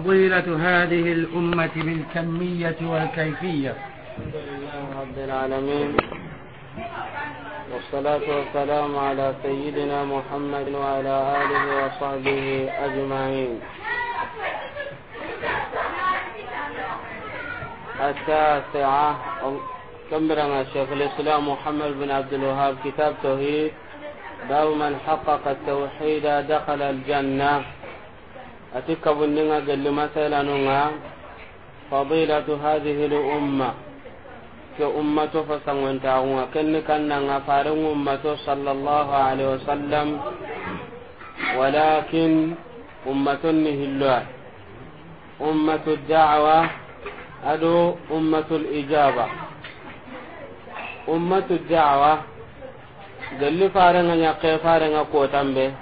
فضيلة هذه الأمة بالكمية والكيفية الحمد لله رب العالمين والصلاة والسلام على سيدنا محمد وعلى آله وصحبه أجمعين التاسعة كمبرنا شيخ الإسلام محمد بن عبد الوهاب كتاب توحيد باب من حقق التوحيد دخل الجنة ati kabundinga gelli masalanunga fadilatu hadhihi l umma ke ummato fo sangontaxunga kenni nga faren ummato sallallahu alaihi wasallam walakin ummatonni hilloa ummatu dawa ado ummatu lijaba ummatu dawa gelli farin ñakke ko tambe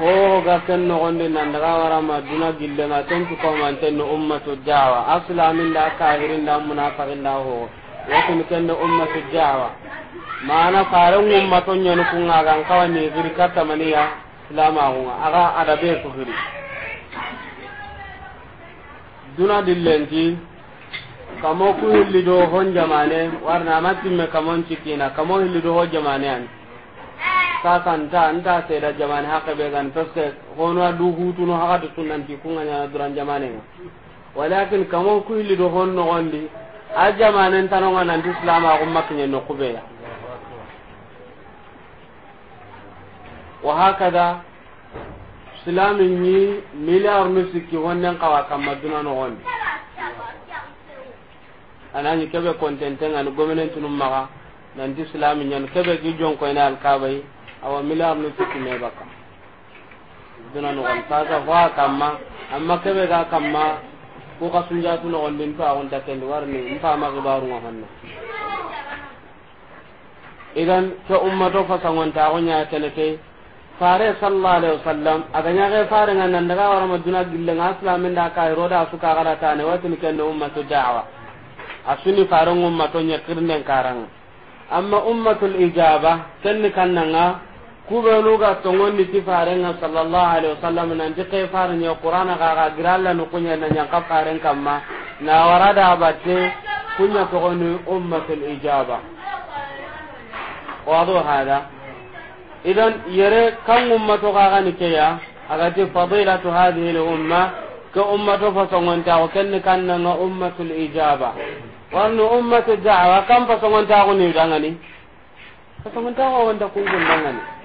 ko ga ken no gonde nan daga wara ma duna gille na ten ko man ten no ummatu dawa aslamin da kafirin da munafiqin da ho wakun ken no ummatu dawa mana faran ummaton nyanu kun ga kan ne giri kata maniya islama hu aga adabe ko giri duna dillenji kamo ku lido hon jamane warna me kamon cikina kamo lido hon jamane ani sasa nta nta seda jamane haka be gan du hutu no adu hutuno nan sunnanti kunga nyana duran jamane nga walakin kamo kuili do hon no gondi a jamane tano nga nan islam a gumma kinye no ya wa hakada islami ni miliar musiki wonnen kawa kamma maduna no gondi anani kebe kontenten an gomenentunum maga nanti islami nyan kebe gi al kabai. awa milar ni ka baka duna nogon sasa fo a kamma amma keɓe ga kamma ko ka sunjatu nogondi ntoagunta kendi warni baru kibarunga hanna idan ke ummato fasangonta goña kene te fare sallallahu alaihi wasallam aga ke fare ngan nan daga warama duna gille la min da ka roda su ka gara tane watin kende ummatu da'wa asuni fare to nya kirnen karang amma ummatul ijaba kenni kannanga kubenuga tongondi ti farenga sallallahu alaihi wasallam nanti ke farnya qur'ana ga ga giralla no kunya na nyaka faren kamma na warada batte kunya to gonu ummatul ijaba wado hada idan yere kan ummato ga ga ni kiya aga ti fadilatu hadhihi al umma ka ummato fa songonta o kenni kan na ummatul ijaba warnu ummatul da'wa kan fa songonta ko ni dangani fa songonta ko wanda kungun dangani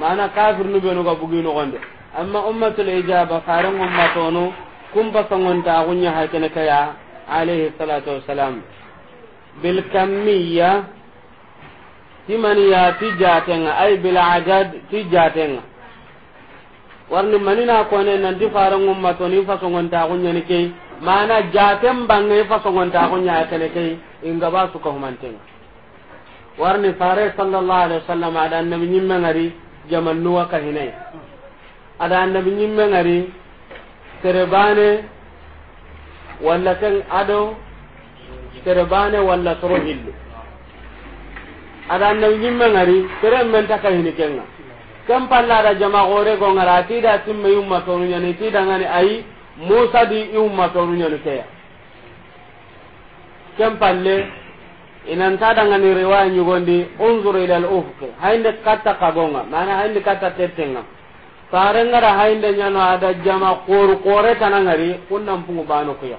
mana kafir nu no ga bugi no gonde amma ummatul ijaba faran ummatono kum songon ta gunya hakene kaya alayhi salatu wassalam bil kamiyya timaniya tijaten ay bil ajad tijaten warni manina ne nan di faran fa songon ta gunya ne kay mana jaten fa songon ta gunya hakene kay inga ba su ko humantenga warni fare sallallahu alaihi wasallam adan nabi nyimme ngari jaman nuwa ka hinai ada annabi nyimme ngari terebane walla ken ado terebane walla soro hillu ada annabi nyimme ngari tere men ta ka hini kenga kan palla ada jama gore go ngara ti da timme yumma to nyani ti da ngani ai musa di yumma to nyani ke kan palle inan ta daga ni riwaya nyugondi unzur ila al ufq hainde katta kagonga mana hainde katta tetenga farenga ra hainde nyano ada jama qur qore tanangari kunnan pungu banu kuya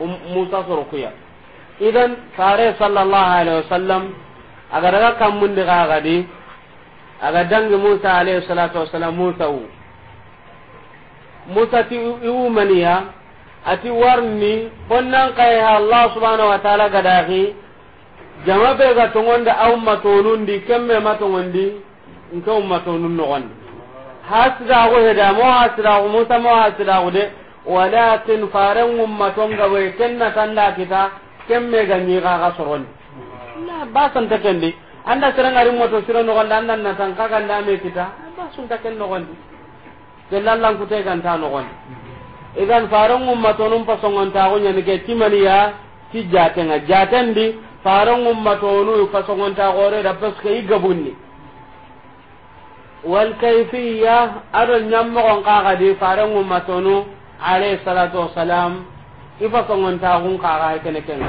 um musa soro kuya idan fare sallallahu alaihi wasallam agar ga kam mun de ga gadi aga dangi musa alaihi salatu wasallam musa u musa ti iwu maniya ati warni honnan kay Allah subhanahu wa ta'ala gadahi jama be ga tongonda aw di kemme matongondi nka ummatonun no gondi hasra go heda mo hasra go mo tamo hasra go de walakin faran ummaton ga we kenna tanda kita kemme ga ni ga ga soron la ba san ta kendi anda serang ari moto sira no gondi anda nan tan kaga ndame kita ba sun ta ken no gondi kelallan kutai kan ta no gondi idan faran umma to pasongon ta gonya ne ke timaniya ti jatenga jatendi faran umma to nu pasongon ta gore da paske igabunni wal kayfiyya aro nyammo kon kaga di faran ummatonu alayhi salatu wassalam ifa songon ta gun kaga kene ken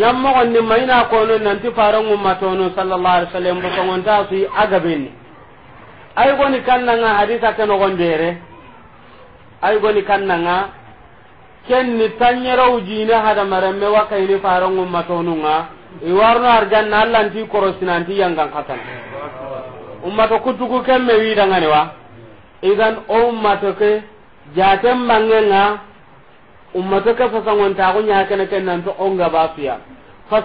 nyammo kon ni maina ko no nanti faran ummatonu sallallahu alaihi wasallam pasongon ta su agabenni ay goni kannanga hadisa kenogon dere ay goni kannanga kenni tanyerau jine hadamaremme wakaini farangum matonunga iwarno arjanna korosina korosinanti yanga katan ummato me kemme ngani wa idan o ummato ke jaten bangenga ummato ke fasangontaku ñakene ken to onga basuya ka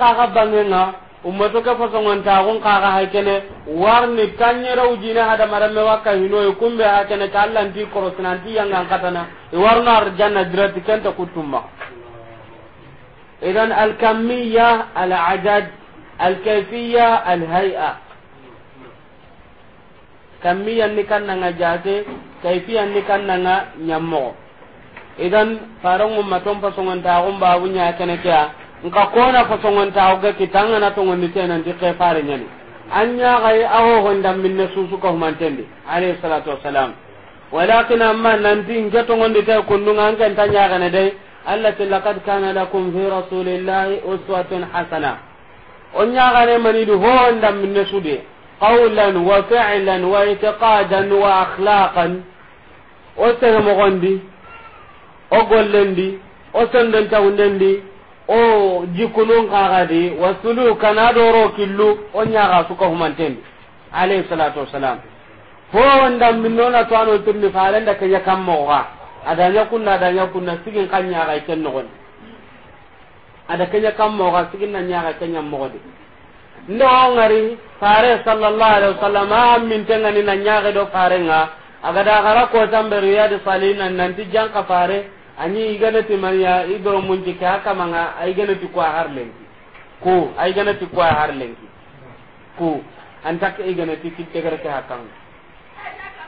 kaka bangenga ummato ka fasongonta kun kaga hakene warni kanyera ujina hada maramme wakka hinoy kumbe hakene ka Allah ndi korosnanti yanga katana e warno arjanna dirati kenta kutumma idan al-kameen al-kaifi ajad al alajad al alhay'a kamiyyan ni kan kannanga jate kayfiyyan ni kan kannanga nyammo idan farangu maton fasongonta kun babu nya kene kya nka kona fasongon taw ga kitanga na to ngondi tenan di kefare nyani anya gai aho honda minne susu ko mantende alayhi salatu wassalam walakin amma nanti nge to ngondi tay kunnunga an kan tanya ga ne dai allati laqad kana lakum fi rasulillahi uswatun hasana onya ga ne mani du min minne sude qawlan wa fi'lan wa i'tiqadan wa akhlaqan o tege mogondi o gollendi o sendenta hundendi o jikunun kagadi wasulu kana doro killu on nyaga suka humanten alayhi salatu wassalam ho wanda minona to ano tirni farenda kanya kammo ga adanya kunna adanya kunna sigin kanya ga ken nogon ada kanya kammo ga sigin na nan nyaga kanya mogodi ndo ngari fare sallallahu alaihi wasallam amin tengani nan nyaga do fare nga agada gara ko tambe riyadi salina nanti ka fare anyi iganati mariya idoro munji ka kamanga aiganati ko kwa harlenki ko aiganati ko har lenki ko antak iganati kitte garke hakang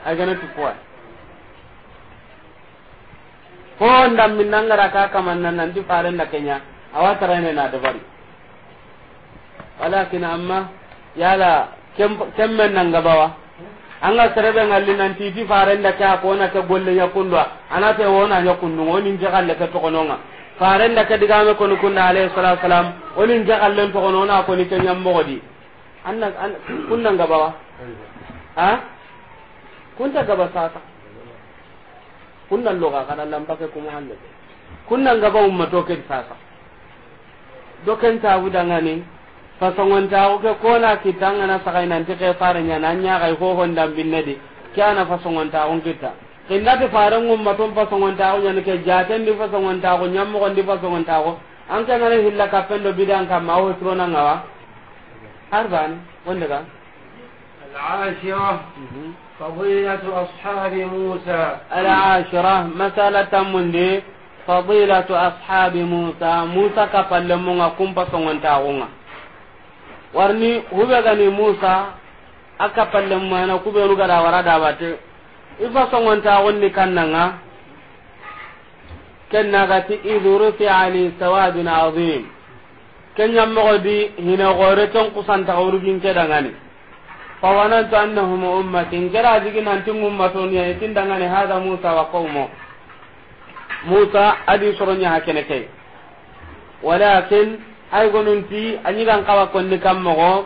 aiganati kwa ko ndam min nangara ka nan nanti faren da kenya ne na dabari walakin amma yala kem men nan gabawa anga serebe ngalli nanti ti farenda ka ko na ka golle ya kundwa ana te wona ya kundu woni jagalle ka to kononga farenda ka diga me kono kunna alayhi salatu wasalam woni jagalle to konona ko ni tanyam modi anna kunna ngaba wa ha kunta gaba sata kunna loga kana lamba ke kuma halle kunna ngaba ummato ke sata doken ta ni. fasongontaxu ke kona kitta angana saxay nanti ke farenya nan ñaxay hohondambinne di ke ana fasongontaxun kitta xinnati farengumma ton fasongontaxu ñani ke jatendi fasongontaxu ñammoxondi fasongontaxu an ke ngana hilla kappen do bidan kamma a hosironangawa arban wondega العاشرة فضيلة أصحاب موسى العاشرة مسألة من فضيلة أصحاب موسى موسى كفل لمنا كم بصنون تاغونا warni hube gani musa aka palle mana kube nu gada wara da bate ifa songonta wonni kannanga kenna gati iduru fi ali sawadun azim kenya mogo di hina gore ton kusanta bin ke dangani ta annahum ummatin gara digin antin ummatun ya tin dangani hada musa wa qaumo musa adi soronya hakene kai walakin ay gonunti gan kawa konni kammogo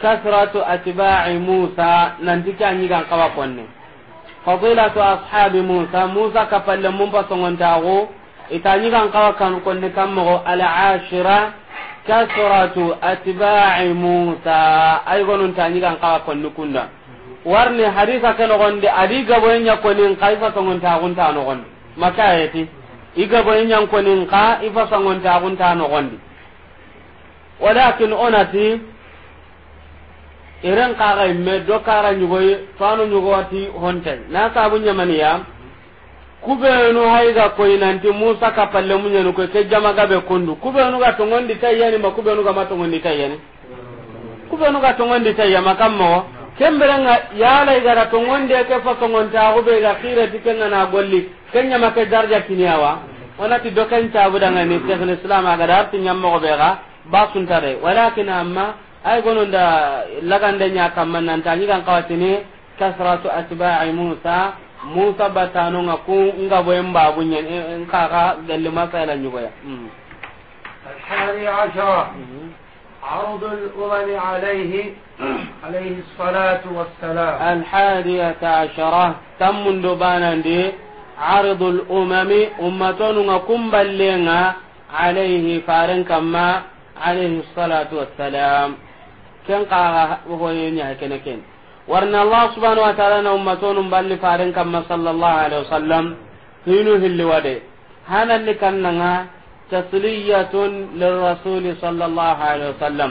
kasratu atba'i musa nanti anyi gan kawa konni fadilatu ashabi musa musa kapalle mun pasongontago ita gan kawa kan konni ala ashira kasratu atba'i musa ay gonunti gan kawa konni kunda warni hadisa kenogonde adi gaboyenya konin kaisa songontagunta nogondi makayeti konni ka ifasangontagunta nogondi walakin onati iren kaga imme do kara nyugoy fanu nyugoti honten na sabu nyamaniya kubenu haiga koy nanti musa ka palle munyenu ko ke jama gabe kundu kubenu ga tongondi tayani ma kubenu ga matongondi tayani kubenu ga tongondi tayama kammo kemberenga yala igara tongondi ke fakongonta hube ga khire tikenga na golli kenya make darja kiniyawa onati dokan tabu danga ni syekhul islam aga darti nyammo go bega ba suntare walakin amma ay gononda lagande nya kamman nan tanyi kan kawatini kasratu atba'i musa musa batano nga ku nga boyen babu nyen en kaka galle masala nyugo ya الحادي عشرة عرض الأمم عليه عليه الصلاة والسلام الحادية عشرة تم دبانا دي عرض الأمم أمتون وكم عليه فارن كما عليه الصلاة والسلام كن قاها وهو ينيها كنكين ورنا الله سبحانه وتعالى نومتون بل فارن كما صلى الله عليه وسلم هينو اللي ودي هانا اللي كننا تسلية للرسول صلى الله عليه وسلم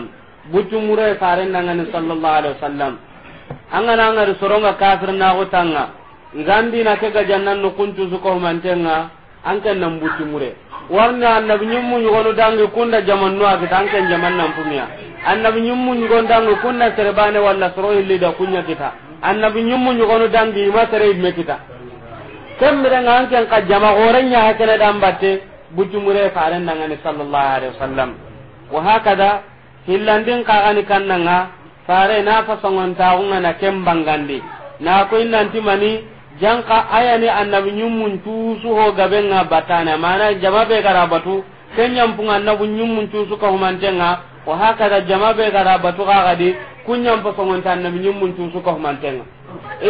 بجمورة فارن نغني صلى الله عليه وسلم angana angari soronga kafir naxutanga ngandina ke gajannan nukuncusukohumantenga an ken nan butimure warni annabi ñimmu ñugonu dangi kunda jaman nu akita an ken jaman nan pumiya annabi ñimmu ñugon dangi kunna serebane walla soro hillida kunya kita annabi ñimmu ñugonu dangi ima sere imme kita kemmirenga an ken ka jama hore ñaha kene dan batte bujumure faren dangani sallallahu alaihi wasallam wa hakada hillandin kagani kannanga fare na fasongon tagunga na kembangandi na ko innanti mani janka ayani annabi nyummun tu su ho gabenga batana mana jama be gara batu kenyam punga annabi nyummun tu ka humantenga wa hakada jama be gara batu ga gadi kunyam pa songonta annabi nyummun tu ka humantenga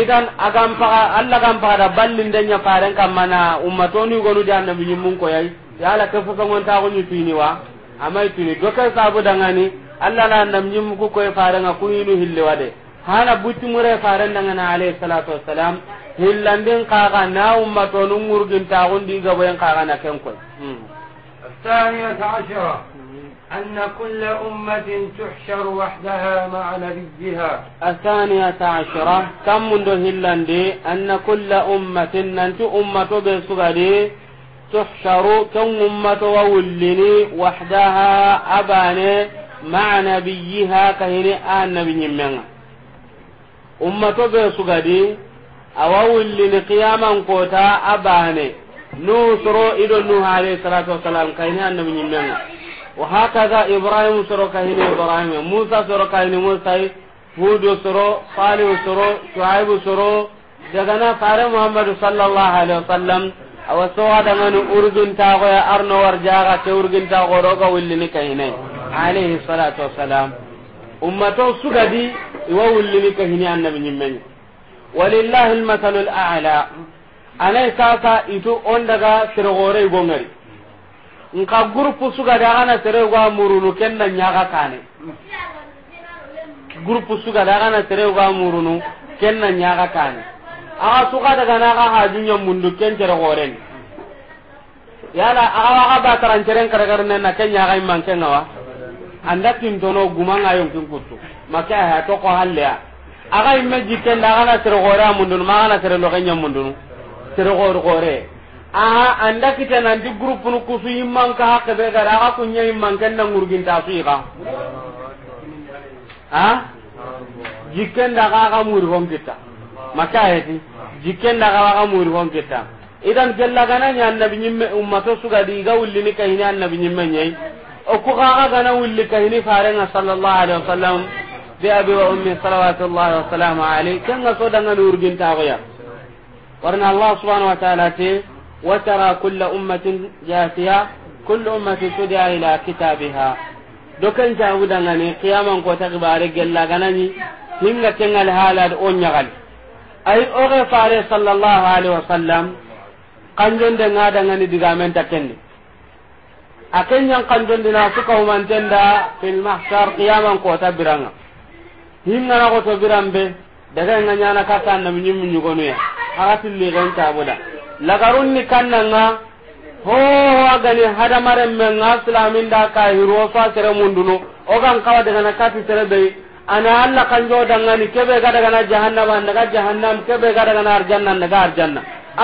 idan agam pa alla gam pa da ballin denya paren kam mana ummatoni gonu da annabi nyummun ko yayi yala ka fa ko nyutini wa amai tuni dokai sabu dangani alla na annabi nyummu ko ko farenga kuyinu hillewade hala butti mure faren dangana alayhi salatu wassalam hillandin kaga na umma to nun murgin ta gundi gabo yan kaga na ken koy الثانية عشرة أن كل أمة تحشر وحدها مع نبيها الثانية عشرة كم منذ هلاندي أن كل أمة ننت أمة بسغدي تحشر كم أمة وولني وحدها أباني مع نبيها كهني آن نبي منها أمة بسغدي awa wullini qiyaman kota abane nu soro ido nu hare salatu wassalam kayni annabi nyimmenga wa hakaza ibrahim soro kayni ibrahim musa soro kayni musa hudu soro salihu soro shuaibu soro dagana fare muhammadu sallallahu alaihi wasallam awa sowadangani urguntagoya arno warjaga ga urgintagoɗoga ni kayne alaihi salatu wassalam ummato sugadi iwa wullini kahini annabi nyimmenga walillahi almasalu al'ala anai sasa itu on daga sirgore gongari nka groupe suga da ana sere wa murunu kenna nyaga kane groupe suga da ana sere wa murunu kenna nyaga kane aga suga daga na ga hajunya mundu ken tere goren yala aga ga ba taran ceren kare kare na kenya ga imman na wa anda tin dono gumanga yon kin kutu maka ha to ko halle aga imme jikken da gana tere gore a amundunu ma gana tere loge nyamundunu tere gore gore aha anda kita nanti grup nu kusu imman ka hakke be gara aga kunya imman ken na ngurgin ta su ika ha jikken da aga muri hon kita maka heti jikken da aga muri hon kita idan jalla gana nya annabi nyimme ummato suga di ga wulli ni kahini annabi nyimme nyai o ku ga ga gana wulli kahini farenga sallallahu alaihi wasallam bi abi wa ummi salawatullahi wa salamu alayhi kenga so danga nurgin tagoya warna allah subhanahu wa ta'ala te wa tara kullu ummatin jasiya. kullu ummatin tud'a ila kitabiha dokan jawu danga ne qiyaman ko ta gibare gella ganani hinga kengal halad on nyagal ay oge fare sallallahu alaihi wa wasallam kanjon de ngada ngani digamen takende akenyan kanjon dina suka humantenda fil mahshar qiyaman ko ta hingana koto birambe daga nga nyana kata na minyim nyugonu ya hakati ligan la lagarun ni kanna nga ho ni hada maren men nga islamin da ka hiro fa tere munduno o kan kawa daga na kati tere be ana alla kan jo danga ni kebe ga daga na jahannam daga jahannam kebe ga daga na arjanna daga arjanna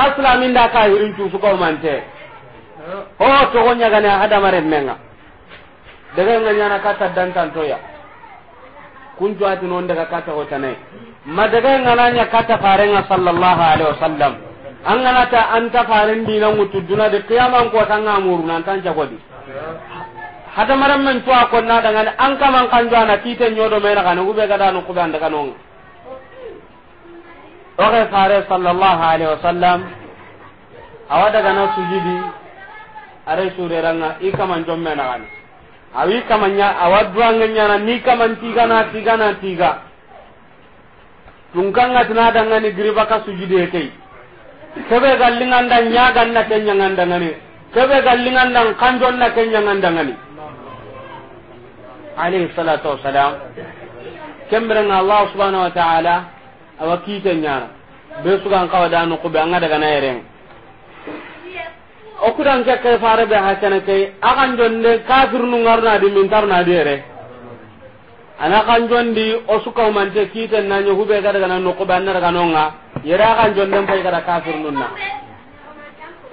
islamin da ka hirin tu su ko mante ho to gonya ga ni hada maren men nga daga nga nyana kata dan ya. kun cuati non daga kata hotane madaga ngalanya kata farenga sallallahu alaihi wasallam an ganata an ta faren dinan mutu duna da kiyaman ko tan amuru nan tan jagodi hada maram men tuwa ko na daga an kaman kan jana titen nyodo mena kan ube gada no kuban daga non oke fare sallallahu alaihi wasallam awada gana sujudi are sureranga ikaman jom na kan awi kamanya awa duanga nyana ni kaman tiga na tiga na tiga tungkanga tina danga ni griba ka sujude kai kebe gallingan dan nyaga na kenya nganda ngani kebe gallingan dan kanjon na kenya nganda ngani alayhi salatu wassalam kembere nga allah subhanahu wa ta'ala awa kite nyana be sugan kawa danu kube anga daga na yereng o kudan ke ke fare be ha kana ke akan jonde kafir nu ngarna di mintar na di re ana kan jondi o suka man te kiten na nyu hube kada kana no ko banna daga nonga yera kan jonde pai kada kafir nu na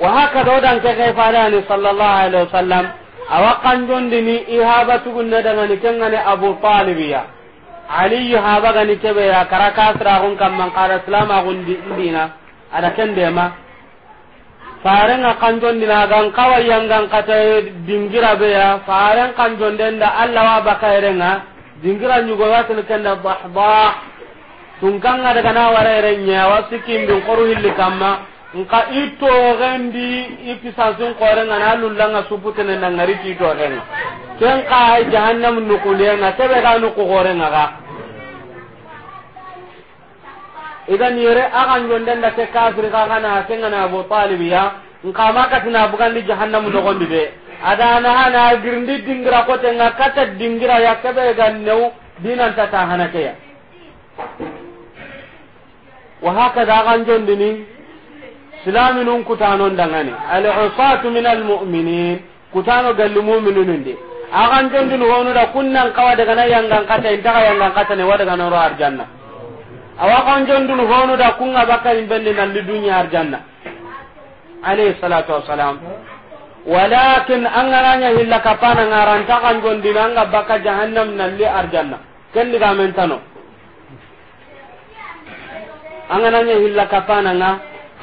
wa haka do dan ke ke fare ni sallallahu alaihi wasallam awa kan jondi ni ihaba tugunna daga ni kengane abu talibiya ali ihaba gani kebe ya kara kasra gon kam man kara salama gon di ndina ada kende ma farenga dina gan kawai yan kawayangan kata dingira beya faren da allah wa bakayerenga dingira ñugoyatini kenda bahbah tunkanga daga na warayere ñawa sikkindin koru hilli kamma nka i toxendi i pisansin korenga na lullanga suputene nangari ti toxenga ken ka jahannamu nukundenga keɓe ga nuku xorenga ga idan yere akan jonden da ke kafir ka kana kenga na abu talib ya nkama katina bugandi jahannamu nogondi de na hana girndi dingira kote nga kata dingira ya kebe ga new dinan ta hana ke ya wa haka da hakada akan jondini silaminun kutanon dangane al-usatu min al-mu'minin kutano galli mu'minunun de akan jondini honu da kunnan kawa daga na yangan kata intaga yangan kata ne wa daga na ro arjanna awa kan jondul honu da kunga baka imbenni nalli dunya arjanna alayhi salatu wassalam walakin an garanya hilla kapana ngaranta kan jondin anga baka jahannam nalli arjanna kendi gamen tano an garanya hilla kapana nga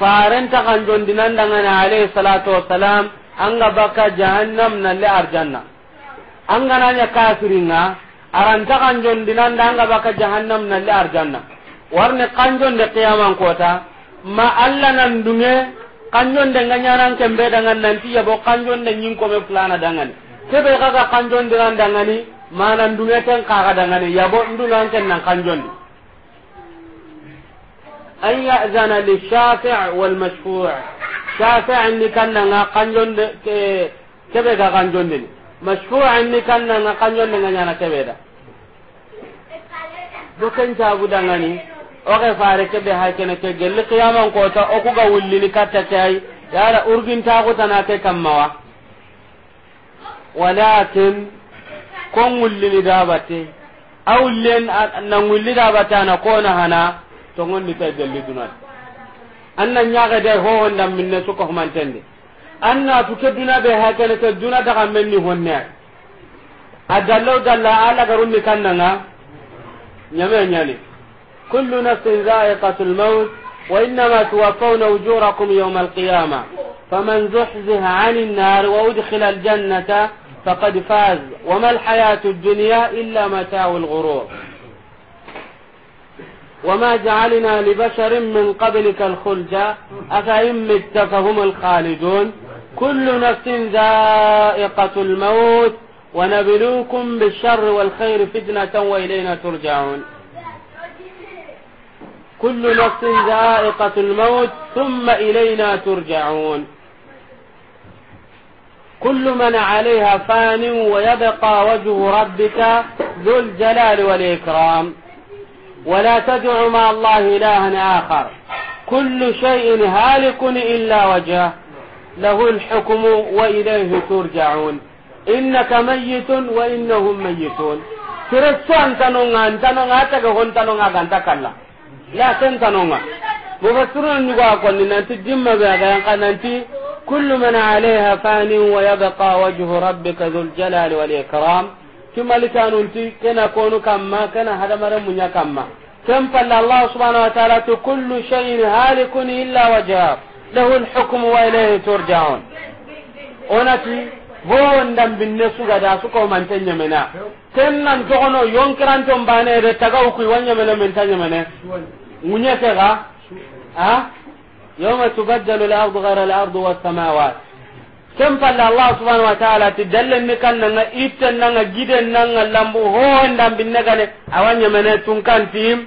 faren farenta kan jondin anda ngana alayhi salatu wassalam anga baka jahannam nalli arjanna an garanya kafiringa aranta kan jondin anda anga baka jahannam nalli arjanna warne kanjon de qiyaman kota ma alla nan dunge kanjon de nganyaran kembe dangan nanti ya bo kanjon de nyin ko me plana dangan kebe kaga kanjon de nan dangani nan dunge ten kaga dangani ya bo ndungan ten nan kanjon an ya'zana li shafi' wal mashfu' shafi' ni kanna nga kanjon de kebe ga kanjon de mashfu' ni kanna nga kanjon de nganyana kebe da dokan tabu dangani oke fare ke be hakene ke gelle ta o ku ga ni katta tay yara urgin ta ko tana ke kammawa walakin kon wullini dabate len na wulli dabata na na hana to ni ta gelle dunat anna ga de ho wonda minne suko an anna tu ke duna be hakene ke duna daga menni honne adallo dalla ala ni kannanga nyame nyali كل نفس ذائقة الموت وإنما توفون أجوركم يوم القيامة فمن زحزح عن النار وأدخل الجنة فقد فاز وما الحياة الدنيا إلا متاع الغرور وما جعلنا لبشر من قبلك الخلد أفإن مت فهم الخالدون كل نفس ذائقة الموت ونبلوكم بالشر والخير فتنة وإلينا ترجعون كل نفس ذائقة الموت ثم إلينا ترجعون كل من عليها فان ويبقى وجه ربك ذو الجلال والإكرام ولا تدع مع الله إلها آخر كل شيء هالك إلا وجهه له الحكم وإليه ترجعون إنك ميت وإنهم ميتون ترسو أنت نونغا أنت تنون تكهون تنونغا أنت la sen tanonga mo fa turon ni ko akon ni nanti dimma be ga yanka nanti kullu man alayha fani wa yabqa wajhu rabbika dhul jalali wal ikram kima litanu nti kena konu kamma kana hadamare munya kamma kam falla allah subhanahu wa ta'ala tu kullu shay'in halikun illa wajha lahu al hukmu wa ilayhi turja'un onati bowondan binne sugada sukomante ñemena ken nan togono yonkiranton banede tagaw kuy wa ñemene men ta ñemene ŋuñeke ga a yoma tubaddalu lardu ardu lardu wasamawat ken palle allah subhanahu wa taala ti dallenni kannanga itten nanga giden nanga lambu ho howondan binne gane awa ñemene tunkantim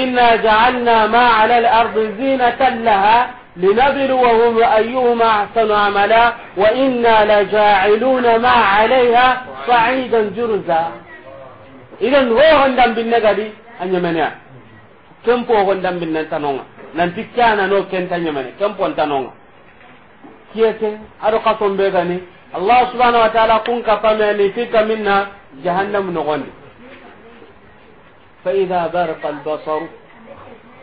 inna jaalna ma ala lardi zinatan laha لنبلوهم أيهما أحسن عملا وإنا لجاعلون ما عليها صعيدا جرزا إذا هو غندم بالنقدي أن يمنع كم هو غندم بالنتنونة نانتي كان نو كنت يمنع كم هو غندم كيتين أرقصهم بيغني الله سبحانه وتعالى كن كفاميني فيك منا جهنم نغني فإذا برق البصر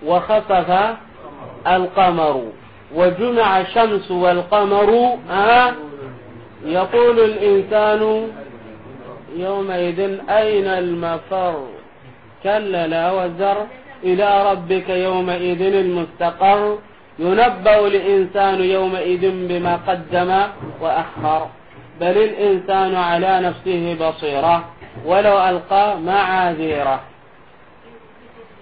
وخفف القمر وجمع الشمس والقمر ها يقول الإنسان يومئذ أين المفر كلا لا وزر إلى ربك يومئذ المستقر ينبأ الإنسان يومئذ بما قدم وأخر بل الإنسان على نفسه بصيرة ولو ألقى معاذيره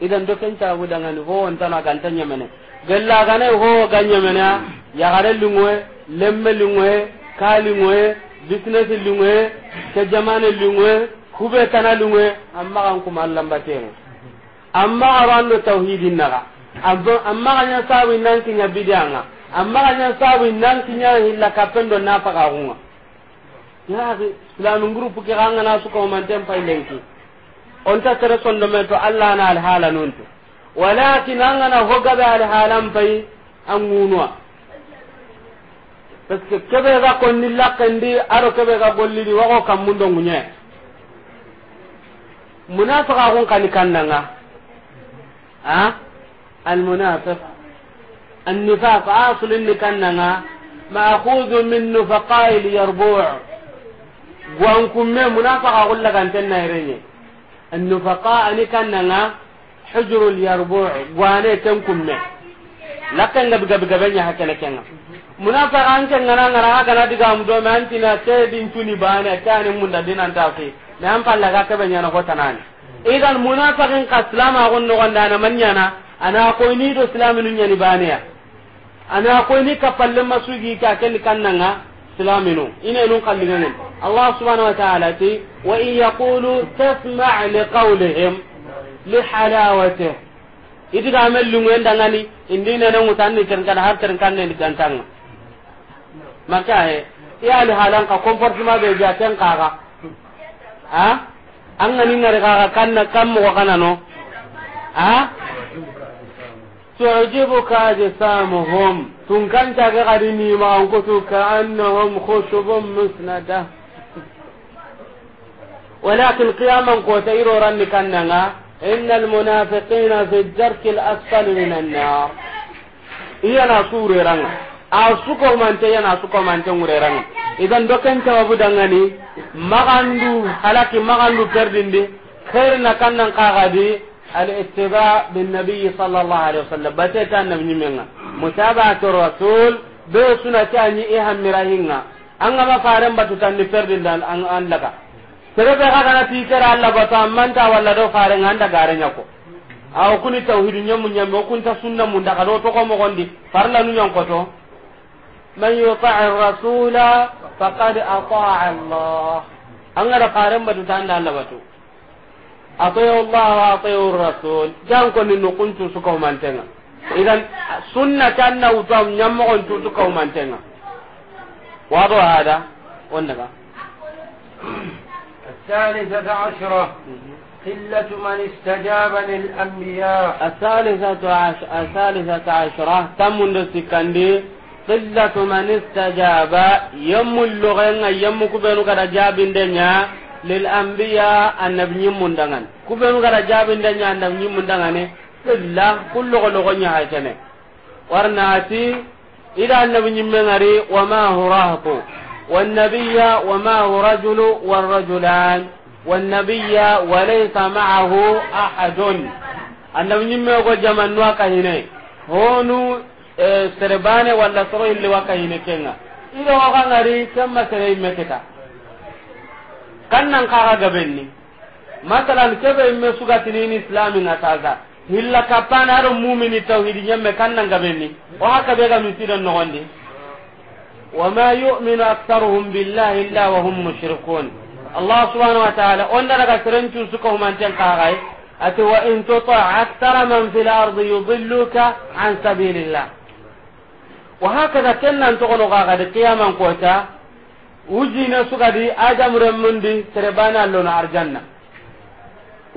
إذا دوك أنت أبو دعاني هو أنت أنا منه gella gane ho ganya mena ya gare lungwe lemme lungwe kali ngwe business lungwe ke jamane lungwe kube kana lungwe amma kan kuma Allah batengo amma awando tauhidin naga amma kanya sawi nan kinya bidanga amma kanya sawi nan kinya hilla kapendo na paka hunga ya ke lanu grupu ke kanga na su ko man tempa lenki onta tere sondo meto Allah na al hala nuntu walakin an gana hogabe alhalan fai an ŋunuwa parce que kebe ga konni lakkendi aro kebe ga gollidi wago kammundo ŋuñe munafiqa kun kani kannanga an almunafiq annifaq ni kannanga maakudu min nufaqai liyarbu gwankumme munafiqa kun an annufaqa ani kannanga hujrul yarbu gwane ten kumme lakan gabi gabi gabe nya hakana kenga munafa an ken ngana ngara aga na diga mu do me antina te din tuni bana tani an palla ga kabe nya idan munafiqin ka islama gon no ganda ana ko ni do islamu nya ni ana ko ni ka palle masugi ka ken kannanga islamu ina nun kallinga Allah subhanahu wa ta'ala ti wa in yaqulu tasma' li qawlihim lihalawatih itu ga melu ngen dangani indi nene ngutan ni ceng kada har kan ni gantang maka he ya li halan ka comfort ma be ga ceng kaga ha an ngani ngare kaga kan na kam mo kana no ha so jibu ka je samuhum tun kan ta ga gari ni ma an ko to ka annahum khushubum musnada walakin qiyaman ko tayro ran ni kan nanga إن المنافقين في الدرك الأسفل من النار iyana sureranga a sukomante yana sukomante ngureranga idan doken tawabu dangani magandu halaki magandu perdindi khairna kannan kagadi الاتباع بالنبي صلى الله عليه وسلم باتيت أن نبني منا متابعة الرسول بسنة أن يهم مراهنا أنما فارن باتتان فرد أن لك serebe ka kana ti kera alla bata manta walla do fare nganda garenya ko aw kuni tauhidu nyamu nyam kun kunta sunna mun da do to ko mo gondi farla nu nyon ko to man yuta'i rasula faqad ata'a allah angara fare mbadu tanda alla to atayu allah wa atayu rasul jan ko ni no kuntu su ko mantenga idan sunna na utam nyammo on tu su ko mantenga do hada on ka الثالثة عشرة قلة من استجاب للأنبياء الثالثة عشرة الثالثة عشرة تم سكندي قلة من استجاب يم اللغة يم كبيرو كذا جاب الدنيا للأنبياء النبي من دعان كبيرو كذا جاب الدنيا النبي من دعانه قلة كل لغة لغة نهاية ورناتي إلى النبي من غري وما هو راهقو والنبي ومعه رجل والرجلان والنبي وليس معه أحد annabi ñimme go jamannu a kahine honu serebane walla soro hilli wa kahine kenga ido wakangari kemma sere imme kita kannan kaga gabenni masalan kebe imme sugatinini islami nga sasa hilla kappana aɗo mumini tawhidi ñemme kannan gabenni o وما يؤمن أكثرهم بالله إلا وهم مشركون الله سبحانه وتعالى أن لك سرنتو سكهم أن تلقى أتي وإن تطع أكثر من في الأرض يضلك عن سبيل الله وهكذا كنا تقول غاغد قياما قوتا وجينا سكدي آدم رمندي تربانا لون أرجنا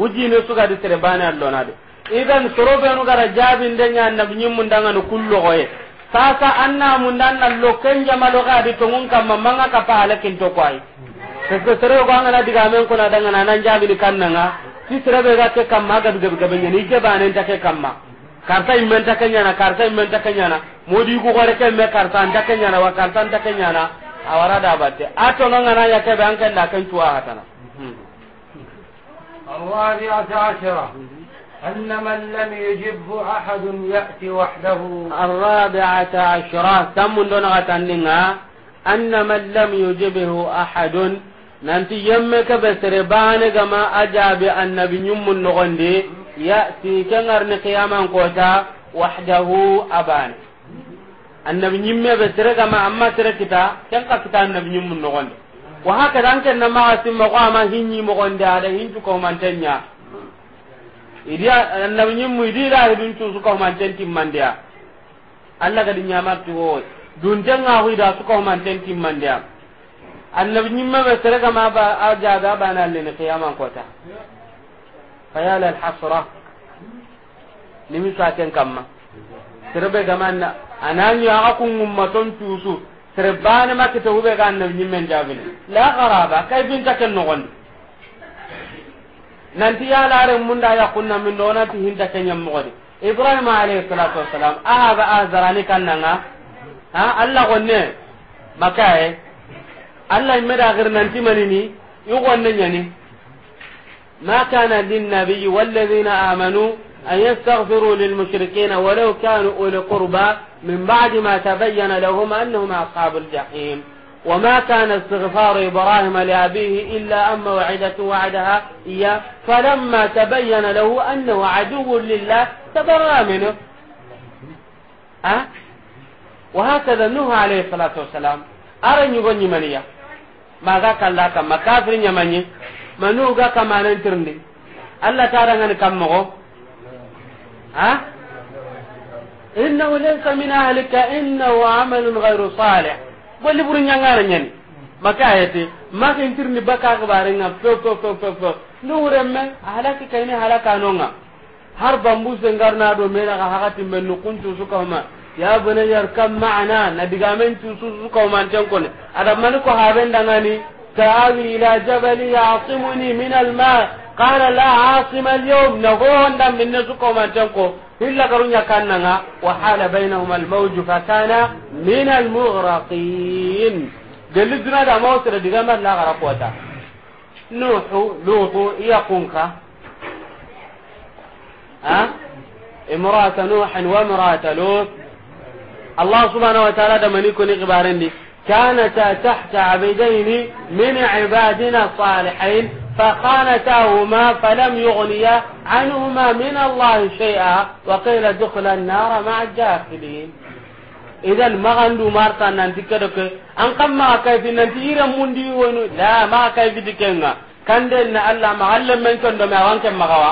وجينا سكدي تربانا لون أرجنا idan sorobenu gara jabin denya annabi nyimmun danga no kullo goye sasa anna mundan na loken jamalo ga di tungun kamma manga ka pahala kin to kwai ko sere ko anga na diga men ko na danga na nan jabi kan nanga ti sere be ga ke kamma ga diga ga benya ni ke banen ta ke kamma karta imen ta kenya na karta imen ta kenya na modi ko gore ke me karta an ta kenya na wa karta an ta kenya na awara da batte ato nga na ya ke ban kan da kan tuwa hatana الرابعة عشرة أن من لم يجبه أحد يأتي وحده الرابعة عشرة تم دون غتنها أن من لم يجبه أحد nanti yemme ke besere bane gama ajabi annabi nyummun nogondi yati kengarni qiyaman kota wahdahu abane annabi nyimme besere gama amma tere kita ken ka kita annabi nyummun nogondi wa hakada anken na maga simma ko ama hinyi mogondi ada hintu ko idi annabi nyimmu idi da hidun tu suka man tenti mandia alla ga dinya marti ho dun tanga hu da suka man tenti mandia annabi nyimma be sere ga ma ba aja ga bana le ne qiyamam kota fayala al hasra nimi sa ken kamma sere be ga manna ananyu aga ma maton tu su sere bana makita hube ga annabi nyimmen jabine la garaba kai bin taken no gondi nanti yalare munda yakunna min do onati hinta keñammogodi ibrahima alayhi salatu wassalam ahaga ahzarani kannanga ha allah gonne makaye allah imeda gir nanti manini igonne ñani ma kana linnabiyi walladina amanu أن يستغفروا للمشركين ولو كانوا أولي قربى من بعد ma تبين لهم أنهم أصحاب الجحيم وما كان استغفار إبراهيم لأبيه إلا أما وعدته وعدها إياه فلما تبين له أنه عدو لله تبرأ منه أه؟ وهكذا نوح عليه الصلاة والسلام أرى يغني منيا ما ذاك الله كما كافر يمني منو ذاك ما ننترني الله تعالى أن كم ها إنه ليس من أهلك إنه عمل غير صالح golli buru nyangare nyani maka ayati maka intir ni baka akbare nga fo fo fe fe fe fe ndu uremme halaki kayni halaka nonga har bambu sengar na do mera ga hakati men no kuntu suka ma ya bana yar kam ma'ana na diga men tu suka ma tan kon adam man ko haben dangani ta'awi ila jabali ya'simuni min al-ma' qala la 'asima al-yawm nahon dam min suka ma tan ko إلا قرن يكاننا وحال بينهما الموج فكان من المغرقين جلدنا دا موت ردي لا غرق وتا نوح لوط يقنك ها امرأة نوح وامرأة لوط الله سبحانه وتعالى دا منيكوني كانتا تحت عبيدين من عبادنا الصالحين فخانتاهما فلم يغنيا عنهما من الله شيئا وقيل دخل النار مع الجاهلين idan magandu marta nan dikke doke an kam ma kai fi nan ti ira mundi wonu da ma kai fi dikenga kande na Allah ma halle men ton do ma wanke magawa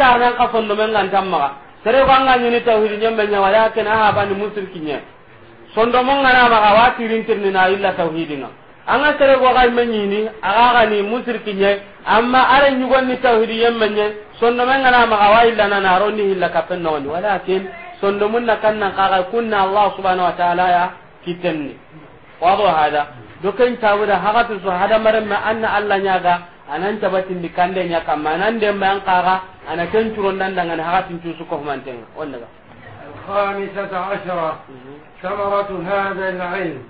ta nan ka fondo men nan tam maga sere ko anga nyuni tawhid nyambe nya walakin sondo wa anga sere go ga men ni aga ga ni musriki nye amma are ni gon ni tawhidi yemma nye sonno men ngana ma gawai lana na roni ka kapen non walakin sonno mun na kan na kaga kunna allah subhanahu wa ta'ala ya kitenni wado hada dokan tawuda haga tu hada maran ma anna allah nyaga anan tabatin di kande nya kam anan man ka kaga ana ken turon nan dangan haga tin tu su ko mantenga on daga الخامسة عشرة ثمرة هذا العلم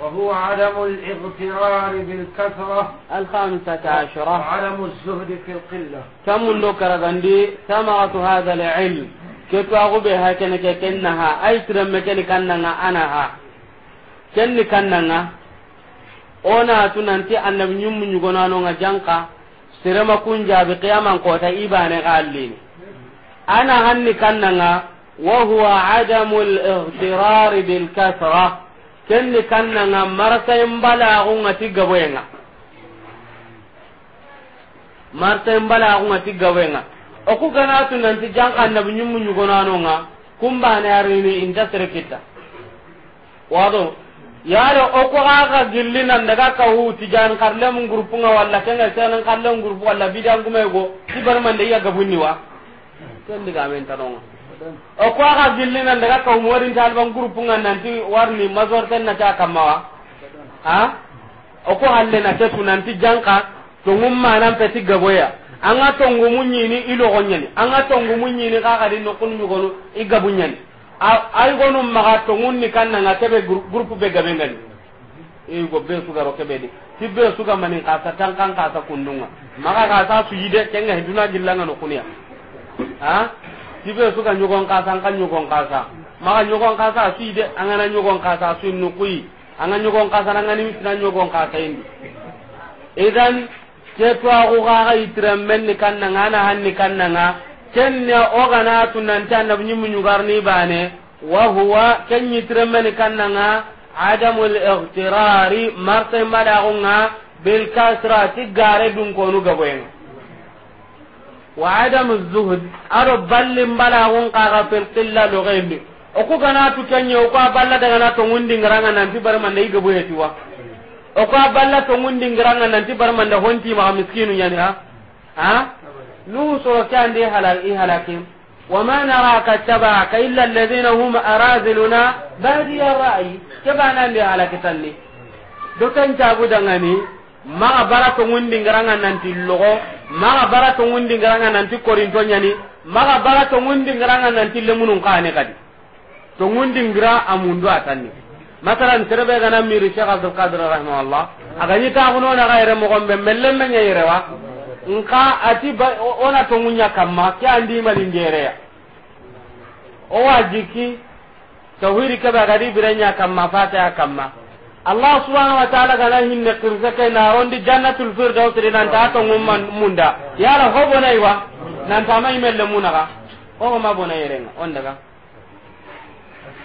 وهو عدم الاغترار بالكثرة الخامسة عشرة عدم الزهد في القلة كم ذكر غندي ثمرة هذا العلم كيف أغبها كنك كنها أي ترم كنك أنها أنها كنك أنها ona tunanti annabi nyummu nyugonanonga janka sirema ibane ana hanni kannanga wa huwa adamu al bil kenni kanna nga kannanga marsayin balagunga ti gaboyenga marsayin balagunga ti gaboyenga oku ganatu nanti janka annabi ñummu nga kumbane arini inta sere kitta wado o oku aga gilli nan daga ka huti jan mun groupe nga walla kenga karle mun groupe walla bidan kumego ti barmande iya gabunni wa ni gamen tanonga o ko aga gilli nan daga ka umorin ta alban group ngan nan ti warni mazor tan na ta kamawa ha o ko halle na ta tunan ti janka to ngumma nan peti gaboya anga tongu munyini ilo gonyani anga tongu munyini ka ka dinno kun nyugonu igabunyani ay gonu maga tongun ni kan nan ta be group be gabengani e go be suga ro kebe di ti be suga manin ka ta tan kan ka ta kundunga maka ka ta su yide kenga hiduna gillanga no kunya ha tibe suka nyugon kasa kan nyugon kasa maka nyugon kasa si de angana nyugon kasa su nukui angana nyugon kasa nyugon kasa indi idan ke to agu ga ga itram men ni kan na ngana han ni kan na ken nyugar ni bane wa huwa ken itram men kan na nga adamul ightirari martai madagunga bil kasra tigare dun konu gaboyen wa adamu zuhud aro ballin bala gon kaga pel tilla do gayndi o ku kana tu kenyo ko balla daga na to ngundi ngaranga nan ti bar manda iga boye tiwa o ko balla to ngundi ngaranga nan ti bar manda honti ma miskinu nyani ha ha nu so kande halal i halakim wa ma naraka tabaka illa alladhina hum araziluna badi ar-ra'yi tabana ndi halakitanni do kan tabu dangani maga bara to ngundi ngaranga nanti logo maga bara to ngundi ngaranga nanti korinto nyani maga bara to ngundi ngaranga nanti lemunun kane kadi to ngundi ngira amundu atanni masalan terebe gana miri sheikh abdul qadir rahimahullah agani ta kuno na gaire mo gombe mellem men yere wa nka ati ona to munya kamma ke andi malingere ya o wajiki tawhiri kaba gadi birenya kamma fata kamma allah subhanahu wa ta'ala gana hinne kirse ke narondi jannatul firdaus ri nanta to ngumman munda yala ho bonai nanta ma imelle munaka o ma bonai renga on daga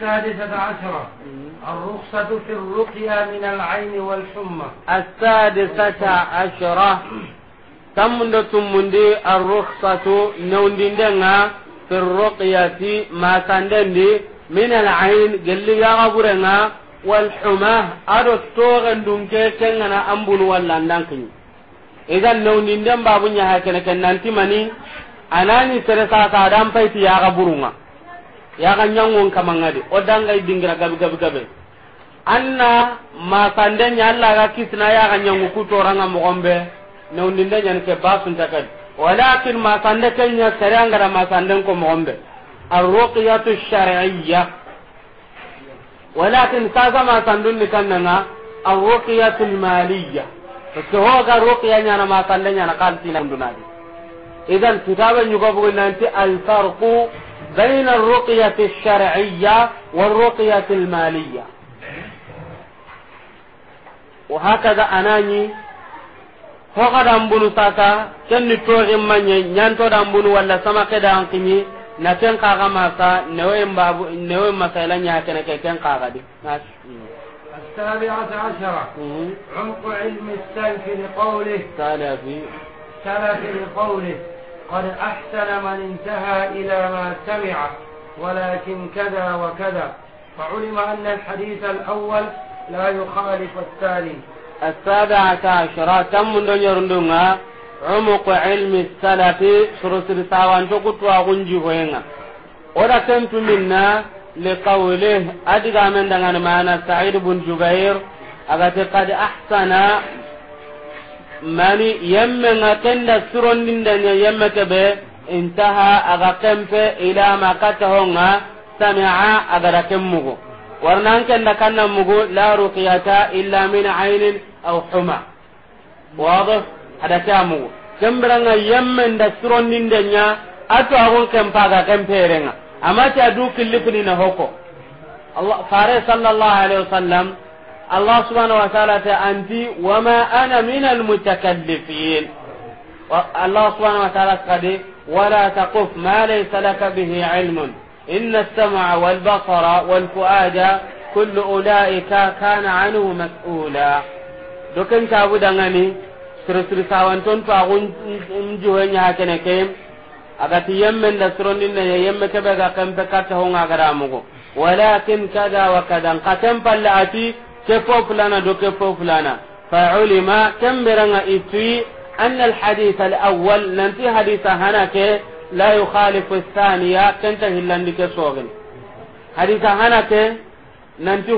السادسة عشرة mhm. الرخصة في الرقية من العين والحمى السادسة عشرة tammundo tummundi arrukhsatu newndindenga fi rruqyati masandendi min والحمى أدو توغن دونكي كنغنا أمبن ولا نانكني إذا لو نندم بابو نيها كنكن نانتي مني anani sere sasa adan ya yaga burunga ga nyangon kamangadi odanga idingira gabi gabi gabe anna masande nya alla ga kisna ga nyangu mo gombe ne undinde nyan ke basun takad walakin masande kenya sere angara masande ko mogombe arruqiyatu shar'iyyah walakin sasa ma sandun ni kannanga arruqiyatul maliyya parce que hoga ruqiya nyana ma sande nyana kalti na ndunadi idan kitaba nyugo bugo nanti al farqu بين الرقية الشرعية والرقية المالية وهكذا أناني هو قد أنبنو ساكا كن نتوغي من ينتو دانبنو ولا سمك دانقمي na ken kaga masa newen babu newen masala nya kana ke ken kaga di nas السابعة عشرة عمق علم السلف لقوله سلف سلف لقوله قد أحسن من انتهى إلى ما سمع ولكن كذا وكذا فعلم أن الحديث الأول لا يخالف الثاني السابعة عشرة تم دنيا رندونا عمق علم السلف سرسر ساوان تقطوا أغنجي هنا ورسمت منا لقوله أدقى من دعنا معنا سعيد بن جبير أغت قد أحسن mani yemme nga kenda surondindanya yemme kebe intaha aga kempe ila makatahonga samia agada ken mugu warnan kenda kanna la ruqiyata illa min ainin aw huma ada tamu kembranga yammen da surondin denya ato agon kempa ga amma ta adu kilifni na hoko Allah fare sallallahu alaihi wasallam Allah subhanahu wa ta'ala ta anti wa ma ana min al mutakallifin Allah subhanahu wa ta'ala kadi ولا تقف ما ليس لك به علم إن السمع والبصر والفؤاد كل أولئك كان عنه مسؤولا دوكن تابو دغني sirisiri sawan ton to a kun nju he ke aga ti yemme nda suron ne yemme ke be kan be ka ta hon aga ramu walakin kada wa kadan qatam pallati ke fulana do ke fulana fa ulima kam beranga itui an al hadith al awwal lan ti hadith hana ke la yukhalif al thaniya kan ta hillan dike sogen hadith hana ke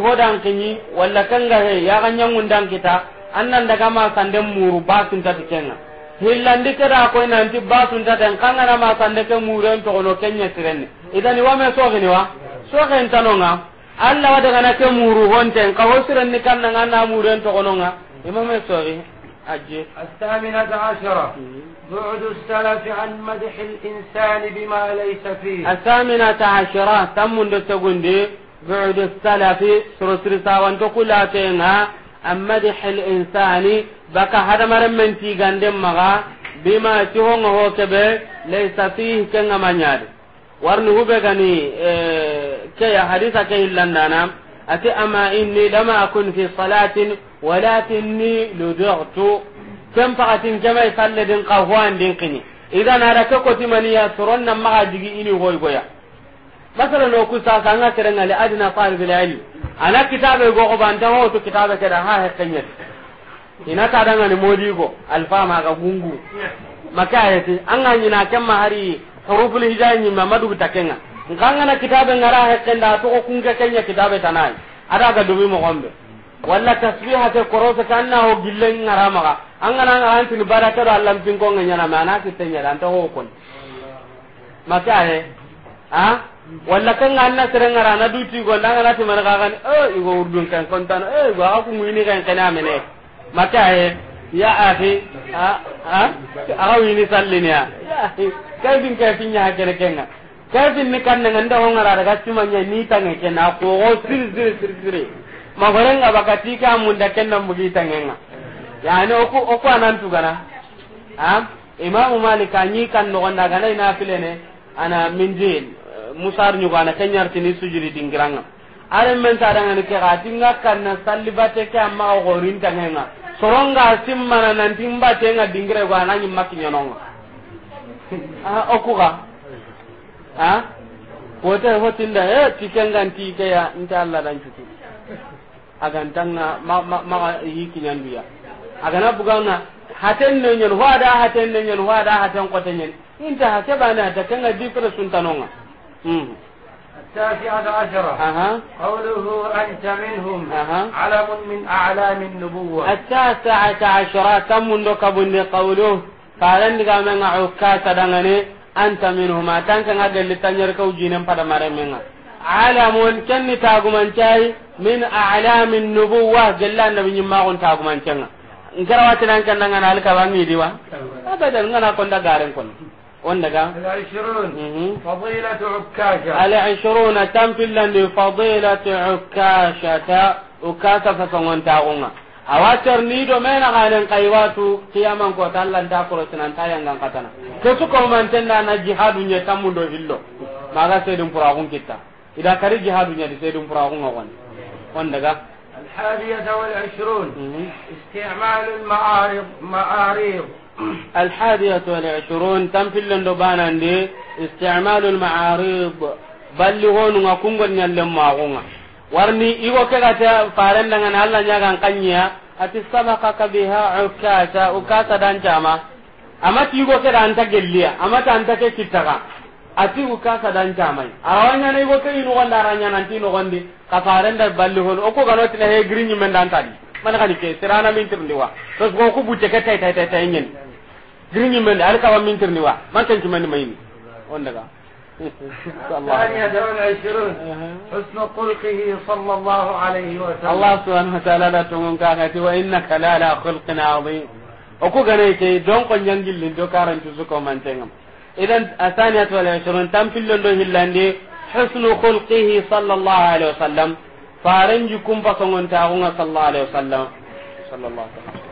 hodan kini walla kan ga he ya ganyan undan kita annan daga ma sande muru sun ta tikenga hillandi keda koy ba sun ta tan kanga na ma sande ke muren to ono kenya tirenne idan wa me so wa so gen tanonga alla wa daga na ke muru honten ka ho sirenni kanna ngana muren to ononga imam sori أجي الثامنة عشرة بعد السلف عن مدح الإنسان بما ليس فيه الثامنة عشرة تم تقول بعد السلف سرسر ساوان تقول مدح الإنسان بك هذا مرمن تيغان مغا بما تهون هو كبه ليس فيه كن من ياد warni hube gani ke ya hadisa ke hillandana ati amma inni lama akun fi salatin walakinni ludughtu kam faqatin jamai salladin qahwan din qini idan ada ke koti mani ya suronna maga digi ini goy goya masalan ku sa sanga adina ana kitabe go ko banta ho to kitabe kada ha he kanyet ina ta danga ni modi go alfa ma ga gungu maka ti an an nyina kan ma hari huruful hijai ni ma madu kenga nganga na kitabe ngara he kenda to ko kunga kanya kitabe tanai ada ga dubi mo gombe walla tasbiha ta korosa kanna ho gillen ngara maka an an nan an tin baraka da allah pin ko nganya na mana kitenya dan to ho kon maka he ha walla kan anna serengara ana duti go ndanga na timana kagan e eh, go urdun kan kontan e eh, go aku muini kan kana mene maka e ya akhi a a aga wini sallini ya kai bin kai pinya kene kenga kai bin ni kan nan nda hongara daga cuma nya ni tange kenna ko go sir sir sir sir ma baka bakati ka mun da kenna mugi tangenga yani oku oku anan tugana ha imamu malik anyi kan no ganda gana ina filene ana minjin musar nyugana kenyartini sujudi dingiranga aren men tadangani ke xatinga kanna sallibate ke amma xa xorintangenga soronga simmana nanti nga dingire go ana ñimma kiñanonga a ah, okuxa a wote hotinda e eh, tikenganti keya nta allah dan cuti agantanga maxa yi kiñanduya agana buganga haten ne ñen ho ada haten ne ñen ho ada haten kote ñen inta ha ta keɓane hata kenga dikre suntanonga التاسعة عشرة أه. قوله أنت منهم أه. علم من أعلام النبوة التاسعة عشرة كم من دكبني قوله فلن من عكاسة دغني أنت منهم أتانك نقل لتنجر كوجين فدا مرمينا علم كن تاغمان شاي من أعلام النبوة جلال النبي ما كنت تاغمان شاي ngarawatinanke nangana alkabangidiwa abadan ngana konda garen kono وندقا العشرون فضيلة عكاشة العشرون تنفلا لفضيلة عكاشة عكاشة فسنوان تاغونا awatar ni do mena ganen kaywatu kiyaman ko tallan ta ko tinan tayan gan katana ke su man tenda na jihadu nya tamundo hillo maga sedum pura gun kita ida kari jihadu nya di sedum pura gun gon on daga الحادية والعشرون استعمال المعارض معارض الحادية والعشرون تنفل دبانا دي استعمال المعارض بلغون بل هون وكون قد نلما غونا warni igo kegata farendangan allah ñagan kanñiya ati sabaka ka biha ukata ukasa ukasa dancama amati igo kega anta gelliya amati anta ke kitaka ati ukata dan ukasa dancamay arawañana igo ke inugonda no nogondi ka da balli hon oko ganotina he men dan griñimendantadi mana kani ke sirana mintirndi wa tosgo ku tai tai nyen girinyi men ali kawa min ne wa man kan ne wanda ga daga الثانية da حسن خلقه صلى الله عليه وسلم الله سبحانه وتعالى لا تمون كاغتي وإنك لا لا خلق عظيم أكو غنيتي دون قن ينجل لندو كارن تزكو من تنغم الثانية والعشرون تم في اللون هلاندي حسن خلقه صلى الله عليه وسلم فارنجكم فصنون تاغونا صلى الله عليه وسلم صلى الله عليه وسلم